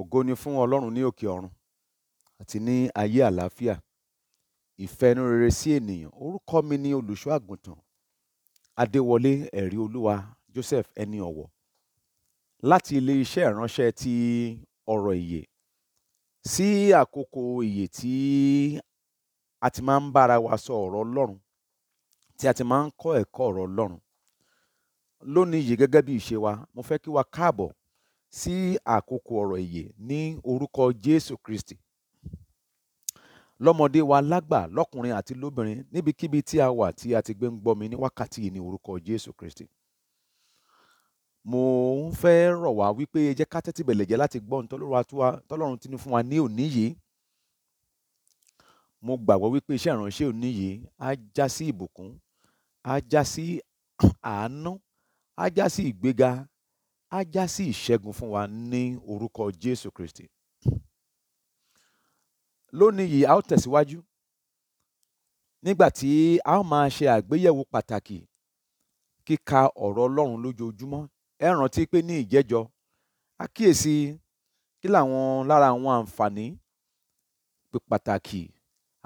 ògo ni fún ọlọ́run ní òkè ọ̀run àti ní ayé àlàáfíà ìfẹ́nu rere sí ènìyàn orúkọ mi ni olùṣọ́ àgùntàn adéwọlé ẹ̀rí olúwa joseph ẹni ọ̀wọ̀ láti ilé iṣẹ́ ìránṣẹ́ ti ọ̀rọ̀ ìyè sí àkókò ìyè tí a ti máa ń bára wa sọ ọ̀rọ̀ ọlọ́run tí a ti máa ń kọ́ ẹ̀kọ́ ọ̀rọ̀ ọlọ́run lónìí yìí gẹ́gẹ́ bí ìṣe wa mo fẹ́ kí wa káàbọ̀ sí àkókò ọ̀rọ̀ ìyè ní orúkọ Jésù Kristi lọ́mọdé wa lágbà lọ́kùnrin àti lóbìnrin níbikíbi tí a wà tí a ti gbé ń gbọ́ mi ní wákàtí yìí ní orúkọ Jésù Kristi mo ń fẹ́ rọ̀ wá wípé ẹ jẹ́ ká tẹ́tí bẹ̀lẹ̀ jẹ́ láti gbọ́ tọ́lọ́run tí ní fún wa ní òní yìí mo gbàgbọ́ wípé iṣẹ́ ìránṣẹ́ òní yìí á já sí ìbùkún á já sí àánú á já sí ìgbéga á já sí ìṣẹ́gun fún wa ní orúkọ Jésù Kristi lónìí yìí a ó tẹ̀síwájú nígbà tí a ó máa ṣe àgbéyẹ̀wò pàtàkì kíka ọ̀rọ̀ Ọlọ́run lójoojúmọ́ ẹ rántí pé ní ìjẹ́jọ a kíyèsí kí làwọn lára àwọn àǹfààní pàtàkì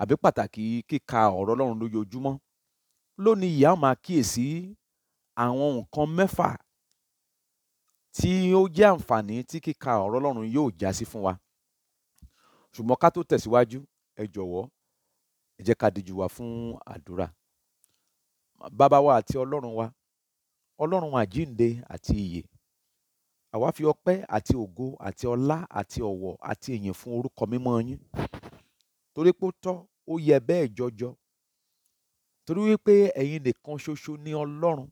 àbí pàtàkì kíka ọ̀rọ̀ Ọlọ́run lójoojúmọ́ lónìí yìí a ó máa kíyèsí àwọn nǹkan mẹ́fà tí ó jẹ́ àǹfààní tí kíka ọ̀rọ̀ Ọlọ́run yóò já sí fún wa ṣùgbọ́n ká tó tẹ̀síwájú ẹ jọ̀wọ́ ẹ jẹ́ ká díjú wa fún àdúrà bàbá wa àti Ọlọ́run wa Ọlọ́run àjíǹde àti ìyè àwa fi ọpẹ́ àti ògo àti ọlá àti ọ̀wọ̀ àti ìyìn fún orúkọ mímọ́ yín torí pé ó tọ́ ó yẹ bẹ́ẹ̀ jọjọ torí wípé ẹ̀yin nìkan ṣoṣo ní Ọlọ́run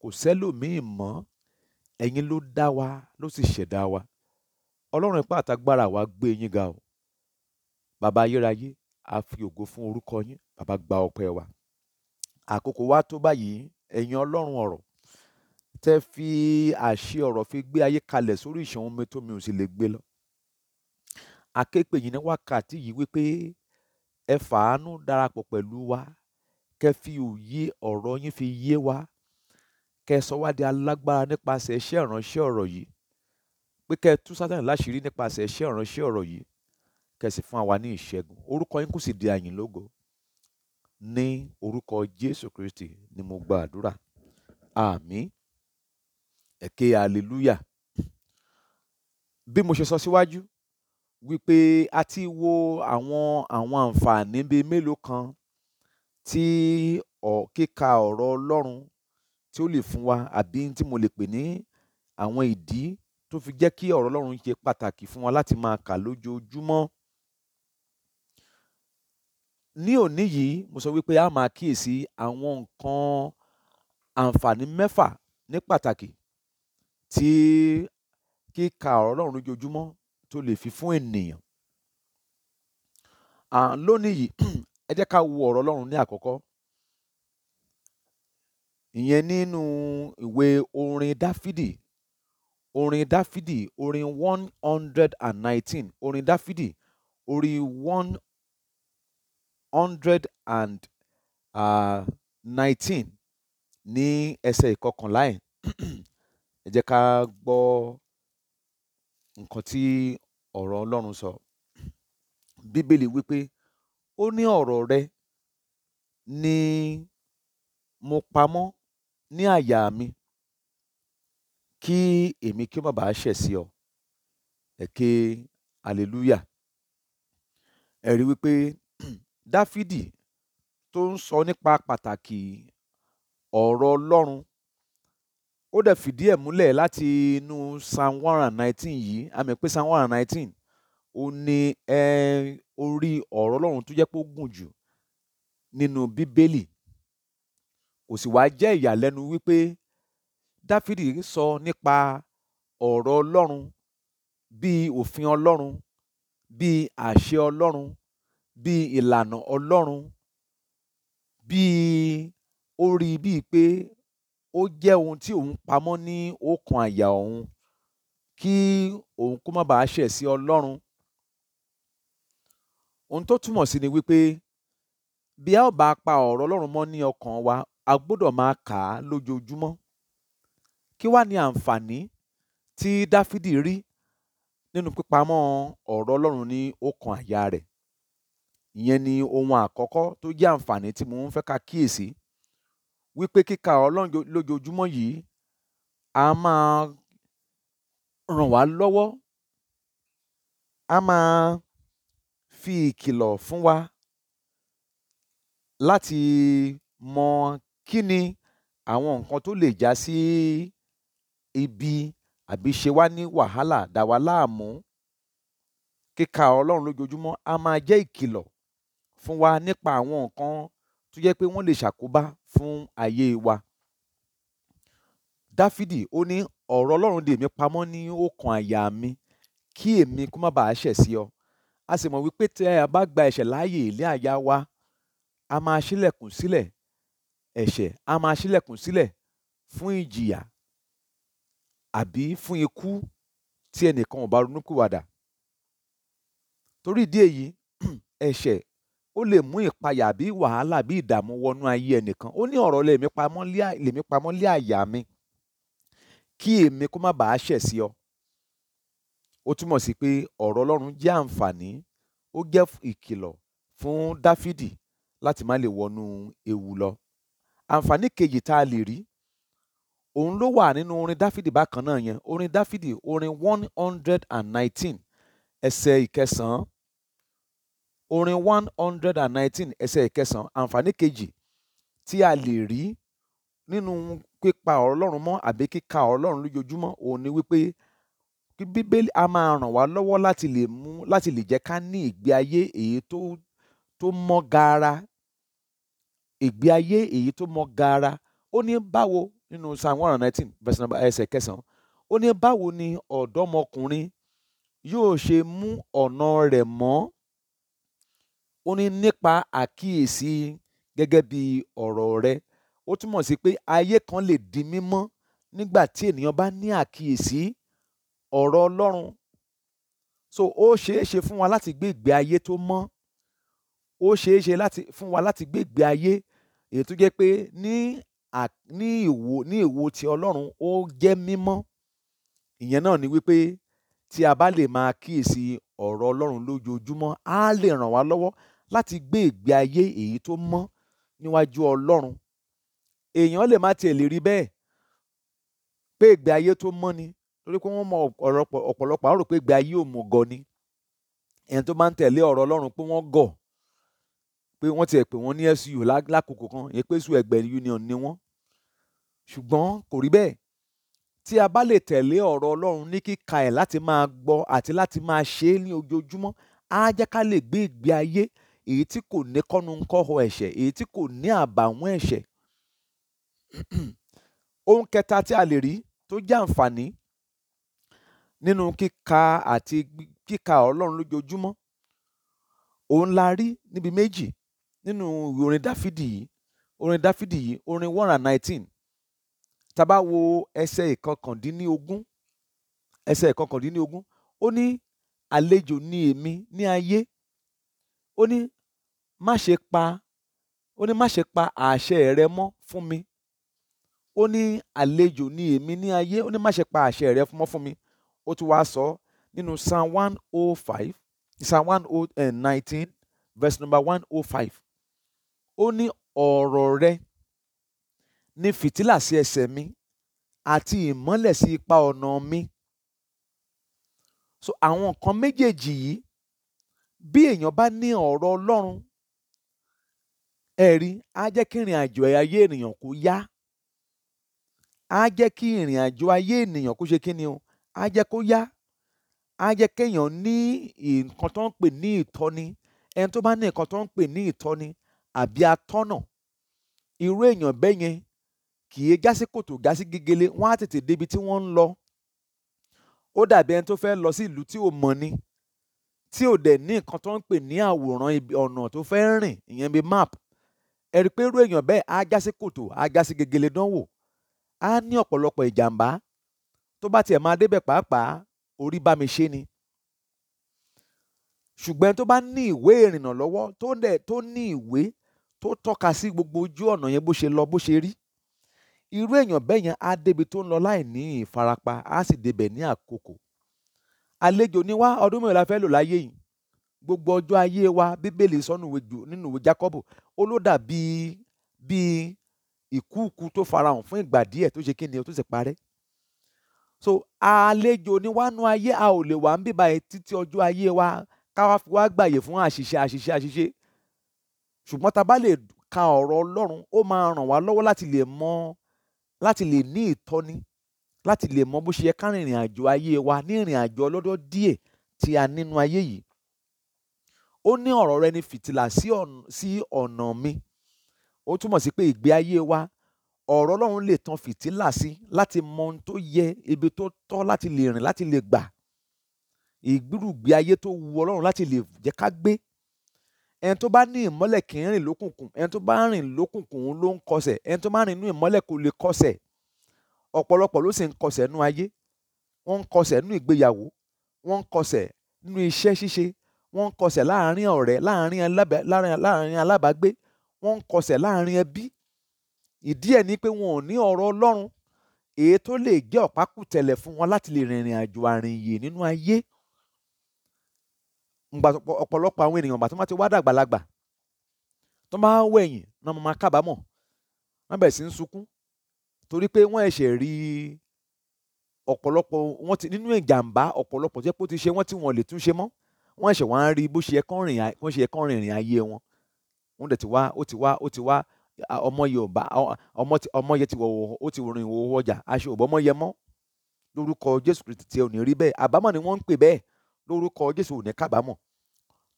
kò sẹ́lòmíì mọ́ ẹ̀yin ló dá wa ló sì ṣẹ̀dá wa ọlọ́run ipá àtagbára wa gbé yín ga o bàbá ayérayé a fi ògo fún orúkọ yín bàbá gba ọpẹ́ wa àkókò wa tó báyìí ẹ̀yin ọlọ́run ọ̀rọ̀ tẹ́ fi àṣẹ ọ̀rọ̀ fi gbé ayé kalẹ̀ sórí ìṣàn omi tómi ò sì lè gbé lọ akéèpè yìí ní wákàtí yìí wípé ẹ fàánú darapọ̀ pẹ̀lú wa kẹ́ fi òye ọ̀rọ̀ yín fi yé wa kẹ́ ẹ sọ wá di alágbára nípasẹ̀ iṣẹ́ ìránṣẹ́ ọ̀rọ̀ yìí pé kẹ́ ẹ tú Sátánì láṣìírí nípasẹ̀ iṣẹ́ ìránṣẹ́ ọ̀rọ̀ yìí kẹ́ fún àwa ní ìṣẹ́gun orúkọ yín kò sì di àyìn lógo ní orúkọ Jésù Kristi ni mo gba àdúrà àmín ẹ̀kẹ́ hallelujah bí mo ṣe sọ síwájú wípé a ti wo àwọn àwọn àǹfààní bíi mélòó kan tí kíka ọ̀rọ̀ Ọlọ́run tí ó lè fún wa àbí tí mo lè pè ní àwọn ìdí tó fi jẹ́ kí ọ̀rọ̀ Ọlọ́run ṣe pàtàkì fún wa láti máa kà lójoojúmọ́. Ní òní yìí mo sọ wípé a máa kíyèsí àwọn nǹkan àǹfààní mẹ́fà ní pàtàkì tí kíka ọ̀rọ̀ Ọlọ́run lójoojúmọ́ tó lè fi fún ènìyàn. À lónìí yìí ẹ jẹ́ ká wo ọ̀rọ̀ Ọlọ́run ní àkọ́kọ́ ìyẹn nínú ìwé orin dáfídì orin dáfídì orin one hundred and nineteen orin dáfídì orí one hundred and nineteen ní ẹsẹ̀ ìkọkànlá ẹ̀ ẹ jẹ́ ká gbọ́ nǹkan tí ọ̀rọ̀ Ọlọ́run sọ bíbélì wípé ó ní ọ̀rọ̀ rẹ ni mo pamọ́ ní àyà mi kí èmi kí ó má bàa ṣẹ̀ sí ọ ẹ ké hallelujah ẹ rí wípé dáfídì tó ń sọ nípa pàtàkì ọ̀rọ̀ ọlọ́run ó dẹ̀ fìdí ẹ̀ múlẹ̀ láti inú psalm one hundred nineteen yìí àmì pé psalm one hundred nineteen ó ní orí ọ̀rọ̀ ọlọ́run tó jẹ́ pé ó gùn jù nínú bíbélì kò sì wá jẹ́ ìyàlẹ́nu wípé dáfídì sọ nípa ọ̀rọ̀ ọlọ́run bíi òfin ọlọ́run bíi àṣẹ ọlọ́run bíi ìlànà ọlọ́run bíi ó rí i bíi pé ó jẹ́ ohun tí òun pamọ́ ní ọkàn àyà òun kí òun kó má bàa ṣẹ̀ sí ọlọ́run ohun tó túmọ̀ sí ni wípé bí a ò bá pa ọ̀rọ̀ ọlọ́run mọ́ ní ọkàn wa a gbọ́dọ̀ máa kà á lójoojúmọ́ kí wá ni àǹfààní tí dáfídì rí nínú pípamọ́ ọ̀rọ̀ ọlọ́run ní ọkàn àyà rẹ̀ ìyẹn ni ohun àkọ́kọ́ tó jẹ́ àǹfààní tí mo ń fẹ́ ká kíyèsí wípé kíka ọlọ́run lójoojúmọ́ yìí a máa ràn wá lọ́wọ́ a máa fi ìkìlọ̀ fún wa láti mọ kí ni àwọn nǹkan tó lè já sí ibi àbí ṣe wá ní wàhálà dà wá láàmú kíka ọlọ́run lójoojúmọ́ a máa jẹ́ ìkìlọ̀ fún wa nípa àwọn nǹkan tó jẹ́ pé wọ́n lè ṣàkóbá fún ayé wa dáfídì ó ní ọ̀rọ̀ ọlọ́run dè mí pamọ́ ní ọkàn àyà mi kí èmi kó má bàa ṣẹ̀ sí ọ a sì mọ̀ wípé tẹ́ a bá gba ẹ̀ṣẹ̀ láàyè ilé àyà wa a máa ṣílẹ̀kùn sílẹ̀ ẹ̀ṣẹ̀ a máa ṣílẹ̀kùn sílẹ̀ fún ìjìyà àbí fún ikú tí ẹnìkan ò bá ronúkúwàdà torí ìdí èyí ẹ̀ṣẹ̀ ó lè mú ìpayà àbí wàhálà àbí ìdààmú wọnú ayé ẹnìkan ó ní ọ̀rọ̀ lèmi pamọ́ lé àyà mi kí èmi kó má bàa ṣẹ̀ sí ọ ó túmọ̀ sí pé ọ̀rọ̀ Ọlọ́run jẹ́ àǹfààní ó jẹ́ ìkìlọ̀ fún Dáfídì láti má lè wọnú ewu lọ àǹfààní kejì tá a lè rí òun ló wà nínú orin dáfídì bákan náà yẹn orin dáfídì orin one hundred and nineteen ẹsẹ̀ ìkẹsàn-án orin one hundred and nineteen ẹsẹ̀ ìkẹsàn-án àǹfààní kejì tí a lè rí nínú pípa ọ̀rọ̀ ọlọ́run mọ́ àbí kíka ọ̀rọ̀ ọlọ́run lójoojúmọ́ òun ni wípé bíbélì a máa ràn wá lọ́wọ́ láti lè jẹ́ ká ní ìgbé ayé èyí tó mọ́ gaara ìgbé ayé èyí tó mọ gaara ó ní báwo nínú psalm one hundred nineteen verse number eh, ẹsẹ̀ kẹsàn-án ó ní báwo ni ọ̀dọ́mọkùnrin yóò ṣe mú ọ̀nà rẹ̀ mọ́ ó ní nípa àkíyèsí gẹ́gẹ́ bí ọ̀rọ̀ rẹ̀ ó túmọ̀ sí pé ayé kan lè di mímọ́ nígbà tí ènìyàn bá ní àkíyèsí ọ̀rọ̀ Ọlọ́run so ó ṣeé ṣe fún wa láti gbé ìgbé ayé tó mọ́ ó ṣeé ṣe fún wa láti gbé ìgbé ayé èyí tó jẹ́ pé ní ní ìwo ní ìwo ti ọlọ́run ó jẹ́ mímọ́ ìyẹn náà ni wípé tí a bá lè máa kíyèsí ọ̀rọ̀ ọlọ́run lójoojúmọ́ á lè ràn wá lọ́wọ́ láti gbé ìgbé ayé èyí tó mọ́ níwájú ọlọ́run èèyàn lè má tiẹ̀ lè rí bẹ́ẹ̀ pé ìgbé ayé tó mọ́ ni torí pé wọ́n mọ ọ̀pọ̀lọpọ̀ àwọn rò pé ìgbé ayé òmùgọ̀ ni ẹni tó máa ń tẹ̀lé ọ̀rọ̀ ọlọ́run pé wọ́n gọ̀ pé wọ́n ti ẹ̀ pè wọ́n ní SU lákòókò kan yẹn pé SU ẹgbẹ́ union ni wọ́n ṣùgbọ́n kò rí bẹ́ẹ̀ tí a bá lè tẹ̀lé ọ̀rọ̀ Ọlọ́run ní kíka ẹ̀ láti máa gbọ́ àti láti máa ṣe é ní ojoojúmọ́ á jẹ́ ká lè gbé ìgbé ayé èyí tí kò ní kọ́nu-kọ́họ ẹ̀ṣẹ̀ èyí tí kò ní àbàwọ́n ẹ̀ṣẹ̀ ohun kẹta tí a lè rí tó jẹ́ àǹfààní nínú kíka àti kíka Ọlọ́run lójoojúmọ́ òun la rí níbi méjì nínú orin dáfídì yìí orin dáfídì yìí orin one and nineteen tá a bá wo ẹsẹ̀ ìkọkàndínlógún ẹsẹ̀ ìkọkàndínlógún ó ní àlejò ni èmi ní ayé ó ní má ṣe pa ó ní má ṣe pa àṣẹ rẹ mọ́ fún mi ó ní àlejò ni èmi ní ayé ó ní má ṣe pa àṣẹ rẹ mọ́ fún mi ó tún wá sọ nínú psalm one o oh five psalm one o oh, eh, nineteen verse number one o oh five ó ní ọ̀rọ̀ rẹ ni fìtílà sí ẹsẹ̀ mi àti ìmọ́lẹ̀ sí ipa ọ̀nà mi so àwọn nǹkan méjèèjì yìí bí èèyàn bá ní ọ̀rọ̀ ọlọ́run ẹ̀rí á jẹ́ kí ìrìn àjò ayé ènìyàn kó yá á jẹ́ kí ìrìn àjò ayé ènìyàn kó ṣe kí ni o á jẹ́ kó yá á jẹ́ kéèyàn ní nǹkan tó ń pè ní ìtọ́ni ẹni tó bá ní nǹkan tó ń pè ní ìtọ́ni àbí atọ́nà irú èèyàn bẹ́ẹ̀ yẹn kì í jásí kòtò jásí gegele wọ́n á tètè débi tí wọ́n ń lọ ó dàbí ẹni tó fẹ́ lọ sí ìlú tí ò mọ̀ ni tí ò dẹ̀ ní nǹkan tó ń pè ní àwòrán ọ̀nà tó fẹ́ rìn ìyẹn bíi map ẹ rí i pé irú èèyàn bẹ́ẹ̀ á jásí kòtò á jásí gegele dánwò á ní ọ̀pọ̀lọpọ̀ ìjàmbá tó bá tiẹ̀ máa débẹ̀ pàápàá orí bá mi ṣe ni ṣùgbọ́n tó bá ní ìwé ìrìnnà lọ́wọ́ tó ní ìwé tó tọ́ka sí gbogbo ojú ọ̀nà yẹn bó ṣe lọ bó ṣe rí irú èèyàn bẹ́ẹ̀ yẹn á débi tó ń lọ láì ìfarapa á sì débẹ̀ ní àkókò àlejò ni wá ọdún mẹ́rin la fẹ́ lò láyé yìí gbogbo ọjọ́ ayé wa bíbélì sọ́nù nínú ìwé Jákọ́bù ó ló dà bíi bíi ìkúùkù tó farahàn fún ìgbà díẹ̀ tó ṣe kí ni ó tó sì parẹ́ so àlejò ni wá nú ayé a ò lè wà ń bíbá títí ọjọ́ ayé wa káwá fi wá gbàyè fún àṣìṣe àṣìṣe àṣìṣe ṣùgbọ́n tá a bá lè ka ọ̀rọ̀ ọlọ́run ó máa ràn wá lọ́wọ́ láti lè mọ láti lè ní ìtọ́ni láti lè mọ bó ṣe yẹ ká rìnrìn àjò ayé wa ní ìrìn àjò ọlọ́dọ́ díẹ̀ tí a nínú ayé yìí ó ní ọ̀rọ̀ rẹ ní fìtílà sí ọ̀nà mi ó túmọ̀ sí pé ìgbé ayé wa ọ̀rọ̀ ọlọ́run lè tan fìtílà sí láti mọ ohun tó yẹ ibi tó tọ́ láti lè rìn láti lè gbà ìgbírùgbé ayé tó wu ọlọ́run láti lè jẹ́ ká gbé ẹni tó bá ní ìmọ́lẹ̀ kì í rìn lókùnkùn ẹni tó bá rìn lókùnkùn ló ń kọsẹ̀ ẹni tó bá rìn nínú ìmọ́lẹ̀ kò lè kọsẹ̀ ọ̀pọ̀lọpọ̀ ló sì ń kọsẹ̀ nú ayé wọ́n ń kọsẹ̀ nú ìgbéyàwó wọ́n ń kọsẹ̀ nínú iṣẹ́ ṣíṣe wọ́n ń kọsẹ̀ láàárín ọ̀rẹ́ láàárín alábàágbé wọ́n ń kọsẹ̀ láàárín ẹbí ìdí ẹ̀ ni pé wọn ò ní ọ̀rọ̀ ọlọ́run èyí tó lè jẹ́ ọ̀pákùtẹ̀lẹ̀ fún wọn láti lè rìnrìn àjò àrìnyè nínú ayé ọ̀pọ̀lọpọ̀ àwọn ènìyàn bàtí wọ́n ti wá dàgbàlagbà tó máa ń wẹ̀yìn náà mo máa kábàámọ̀ wọ́n bẹ̀rẹ̀ sí ń sunkún torí pé wọ́n ẹ̀ṣẹ̀ rí ọ̀pọ̀lọpọ̀ wọ́n ti nínú ìjàmbá ọ̀pọ̀lọpọ̀ jẹ́ pé ó ti ṣe wọ́n tí wọ́n lè tún ṣe mọ́ wọ́n ẹ̀ṣẹ̀ wá ń rí bó ṣe ẹ̀kọ́ rìn ayé wọn wọ́n dẹ̀ ti wá ó ti wá ó ti wá ọmọ yorùbá ọmọ yẹ ti wọ̀ ó ti rìn ìwò ọjà aṣọ òbọ̀mọ yẹ mọ́ lórúkọ jésù kristi tí ò ní rí bẹ́ẹ̀ àbámọ̀ ni wọ́n ń pè bẹ́ẹ̀ lórúkọ Jésù ò ní kábàámọ̀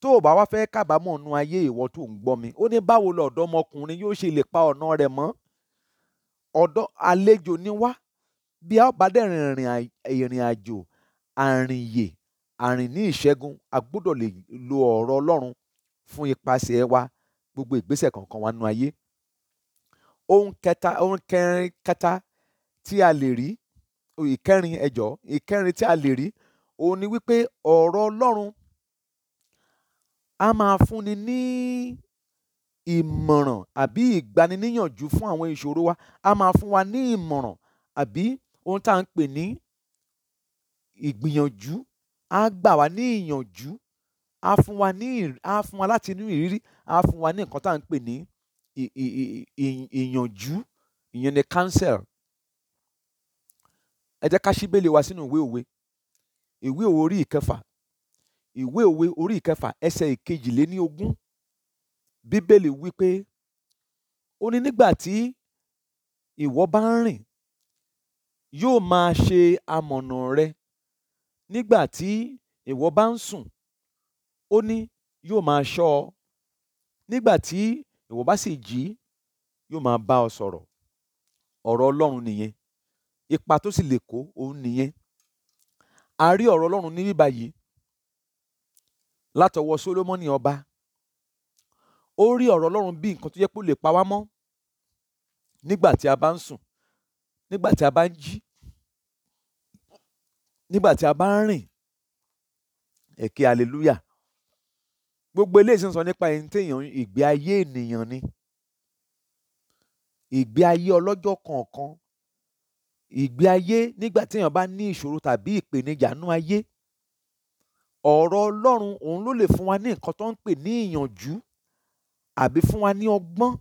tó o bá wá fẹ́ kábàámọ̀ nu ayé ìwọ tó ń gbọ́ mi ó ní báwo lọ ọ̀dọ́mọkùnrin yóò ṣe lè pa ọ̀nà rẹ̀ mọ́ ọ̀dọ́ àlejò ni wá bí a ó bá dẹ̀ ìrìn àjò àrìnyè àrìn ní ìṣẹ́gun a gbọ́dọ̀ lè lo ọ̀rọ̀ Ọlọ́run fún ipasẹ̀ wa gbogbo ìgbésẹ̀ kọ̀ọ̀kan wa nu ayé ohun kẹta ohun kẹrin kẹta tí a lè rí ìkẹrin ẹjọ ìkẹrin tí a lè rí òun ni wípé ọ̀rọ̀ Ọlọ́run a máa fúnni ní ìmọ̀ràn àbí ìgbaniníyànjú fún àwọn ìṣòro wa a máa fún wa ní ìmọ̀ràn àbí ohun tá à ń pè ní ìgbìyànjú á gbà wá ní ìyànjú á fún wa ní á fún wa láti inú ìrírí á fún wa ní nǹkan tá à ń pè ní ìyànjú ìyẹn ni counsel ẹ jẹ́ ká ṣí wa sínú ìwé òwe ìwé òwe orí ìkẹfà ìwé òwe orí ìkẹfà ẹsẹ̀ ìkejìléníogún bíbélì wípé ó ní nígbà tí ìwọ bá ń rìn yóò máa ṣe amọ̀nà rẹ nígbà tí ìwọ bá ń sùn ó ní yóò máa ṣọ́ ọ nígbà tí ìwọ bá sì jí yóò máa bá ọ sọ̀rọ̀ ọ̀rọ̀ ọlọ́run nìyẹn ipa tó sì lè kó òun nìyẹn a rí ọ̀rọ̀ ọlọ́run ní bíbá yìí látọwọ́ Sólómọ́nì ọba ó rí ọ̀rọ̀ ọlọ́run bí nǹkan tó yẹ kó lè pa wá mọ́ nígbà tí a bá ń sùn nígbà tí a bá ń jí nígbà tí a bá ń rìn èké hallelujah gbogbo eléyìí sì ń sọ nípa ẹni téèyàn ìgbé ayé ènìyàn ni ìgbé ayé ọlọ́jọ́ kọ̀ọ̀kan ìgbé ayé nígbà tí èèyàn bá ní ìṣòro tàbí ìpèníjà nú ayé ọ̀rọ̀ Ọlọ́run òun ló lè fún wa ní nǹkan tó ń pè ní ìyànjú àbí fún wa ní ọgbọ́n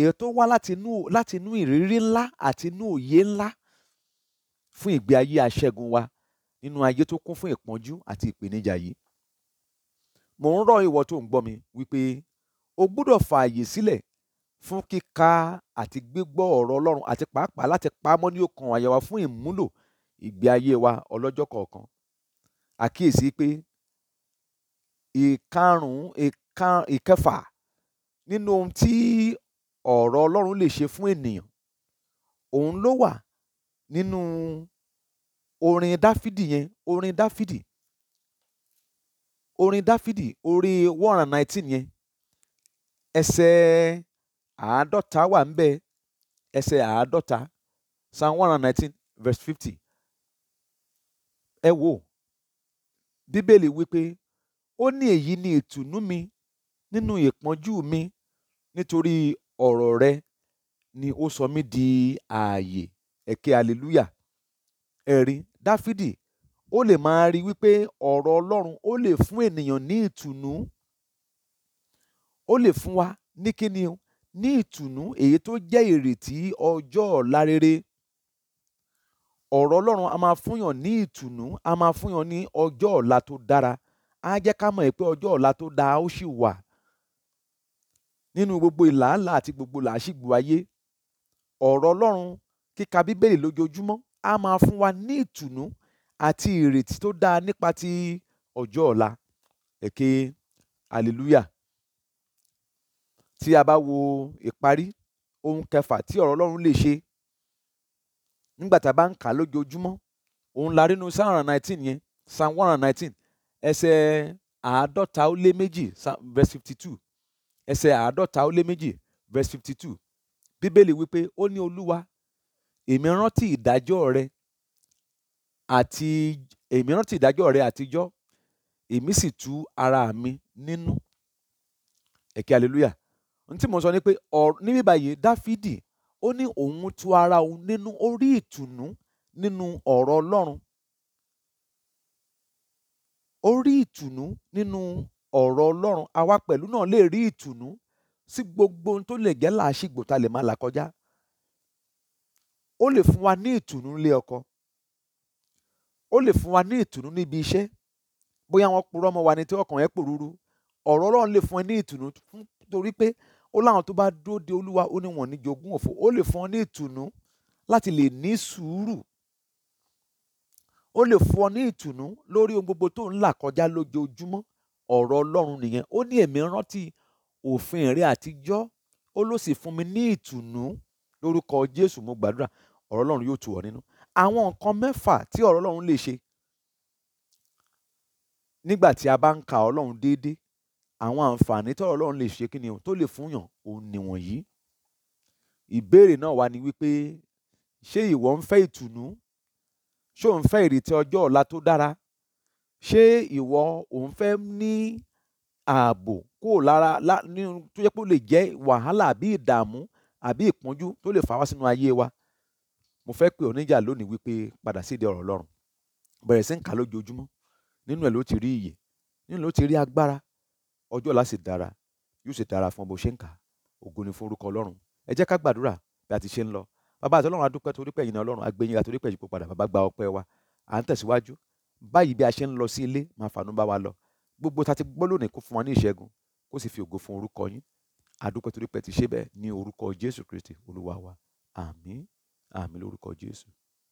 èyí tó wá láti inú láti inú ìrírí ńlá àti inú òye ńlá fún ìgbé ayé aṣẹ́gun wa nínú ayé tó kún fún ìpọ́njú àti ìpèníjà yìí mò ń rọ̀ ìwọ tó ń gbọ́ mi wípé o gbúdọ̀ fààyè sílẹ̀ fún kíka àti gbígbọ́ ọ̀rọ̀ ọlọ́run àti pàápàá láti pamọ́ ní ọkàn àyà wa fún ìmúlò ìgbé ayé wa ọlọ́jọ́ kọ̀ọ̀kan àkíyèsí pé ìkarùn-ún ìkẹfà nínú ohun tí ọ̀rọ̀ ọlọ́run lè ṣe fún ènìyàn òun ló wà nínú orin dáfídì yẹn orin dáfídì orin dáfídì orí one hundred and nineteen yẹn ẹsẹ̀ àádọ́ta wà ń bẹ ẹsẹ̀ àádọ́ta psalm one hundred nineteen verse fifty ẹ wò bíbélì wípé ó ní èyí ni ìtùnú mi nínú ìpọ́njú mi nítorí ọ̀rọ̀ rẹ ni ó sọ mí di ààyè ẹ̀kẹ́ hallelujah. ẹ̀rí dáfídì ó lè máa rí wípé ọ̀rọ̀ ọlọ́run ó lè fún ènìyàn ní ìtùnú ó lè fún wa ní kíni o ní ìtùnú èyí tó jẹ́ ìrètí ọjọ́ ọ̀la rere ọ̀rọ̀ ọlọ́run a máa fúnyàn ní ìtùnú a máa fúnyàn ní ọjọ́ ọ̀la tó dára á jẹ́ ká mọ̀ pé ọjọ́ ọ̀la tó dáa ó sì wà nínú gbogbo ìlàálàá àti gbogbo làásìgbò ayé ọ̀rọ̀ ọlọ́run kíka bíbélì lójoojúmọ́ á máa fún wa ní ìtùnú àti ìrètí tó dáa nípa ti ọjọ́ ọ̀la èké hallelujah tí a bá wo ìparí ohun kẹfà tí ọ̀rọ̀ ọlọ́run lè ṣe nígbà tá a bá ń kà á lójoojúmọ́ òun la rínú psalm one nineteen yẹn psalm one nineteen ẹsẹ̀ àádọ́ta ó lé méjì verse fifty two ẹsẹ̀ àádọ́ta ó lé méjì verse fifty two bíbélì wípé ó ní olúwa èmi rántí ìdájọ́ rẹ àti èmi rántí ìdájọ́ rẹ àtijọ́ èmi sì tú ara mi nínú ẹ̀kẹ́ hallelujah n tí mo sọ ni pé níbí báyìí dáfídì ó ní òun tu ara òun nínú ó rí ìtùnú nínú ọ̀rọ̀ ọlọ́run ó rí ìtùnú nínú ọ̀rọ̀ ọlọ́run àwa pẹ̀lú náà lè rí ìtùnú sí gbogbo ohun tó lè jẹ́ làásìgbò tá lè máa là kọjá ó lè fún wa ní ìtùnú nílé ọkọ ó lè fún wa ní ìtùnú níbi iṣẹ́ bóyá wọ́n purọ́ mọ́ wa ni tí ọkàn ẹ̀ pòrúurú ọ̀rọ̀ ọlọ́run lè fún ẹ ní ìtùnú torí pé ó láwọn tó bá dúró de olúwa ó ní wọn ní jogún òfò ó lè fún ọ ní ìtùnú láti lè ní sùúrù ó lè fún ọ ní ìtùnú lórí ohun gbogbo tó ń là kọjá lójoojúmọ́ ọ̀rọ̀ ọlọ́run nìyẹn ó ní èmi rántí òfin rẹ àtijọ́ ó ló sì fún mi ní ìtùnú lórúkọ jésù mo gbàdúrà ọ̀rọ̀ ọlọ́run yóò tù ọ nínú àwọn nǹkan mẹ́fà tí ọ̀rọ̀ ọlọ́run lè ṣe nígbà tí a bá ń ka ọlọ́run déédéé àwọn àǹfààní tọ́rọ̀ Ọlọ́run lè ṣe kí ni tó lè fún yàn òun nìwọ̀nyí ìbéèrè náà wá ni wípé ṣé ìwọ ń fẹ́ ìtùnú ṣé ò ń ìrètí ọjọ́ ọ̀la tó dára ṣé ìwọ ò ń ní ààbò kó lára ní tó yẹ kó lè jẹ́ wàhálà àbí ìdààmú àbí ìpọ́njú tó lè fà wá sínú ayé wa mo fẹ́ pè ọ́ níjà lónìí wípé padà síde ọ̀rọ̀ Ọlọ́run bẹ̀rẹ̀ sí ń kà lójoojúmọ́ nínú ẹ̀ ló ti rí iyè nínú ẹ̀ ló ti rí agbára ọjọ́ ọ̀la sì dára yóò sì dára fún ọ bó ṣe ń kà ògo ni fún orúkọ ọlọ́run ẹ jẹ́ ká gbàdúrà bí a ti ṣe ń lọ bàbá àti ọlọ́run adúpẹ́ torí pé ìyìn ọlọ́run agbẹ́yìn àti orí pé bàbá gba ọpẹ́ wa à ń tẹ̀síwájú báyìí bí a ṣe ń lọ sí ilé máa fàánú bá wa lọ gbogbo ta ti gbọ́ lónìí kó fún wa ní ìṣẹ́gun kó sì fi ògo fún orúkọ yín adúpẹ́ torí pé ti ṣe bẹ́ẹ̀ ní orúkọ Jésù Kristi olúwa wa àmín àmín lórúkọ Jésù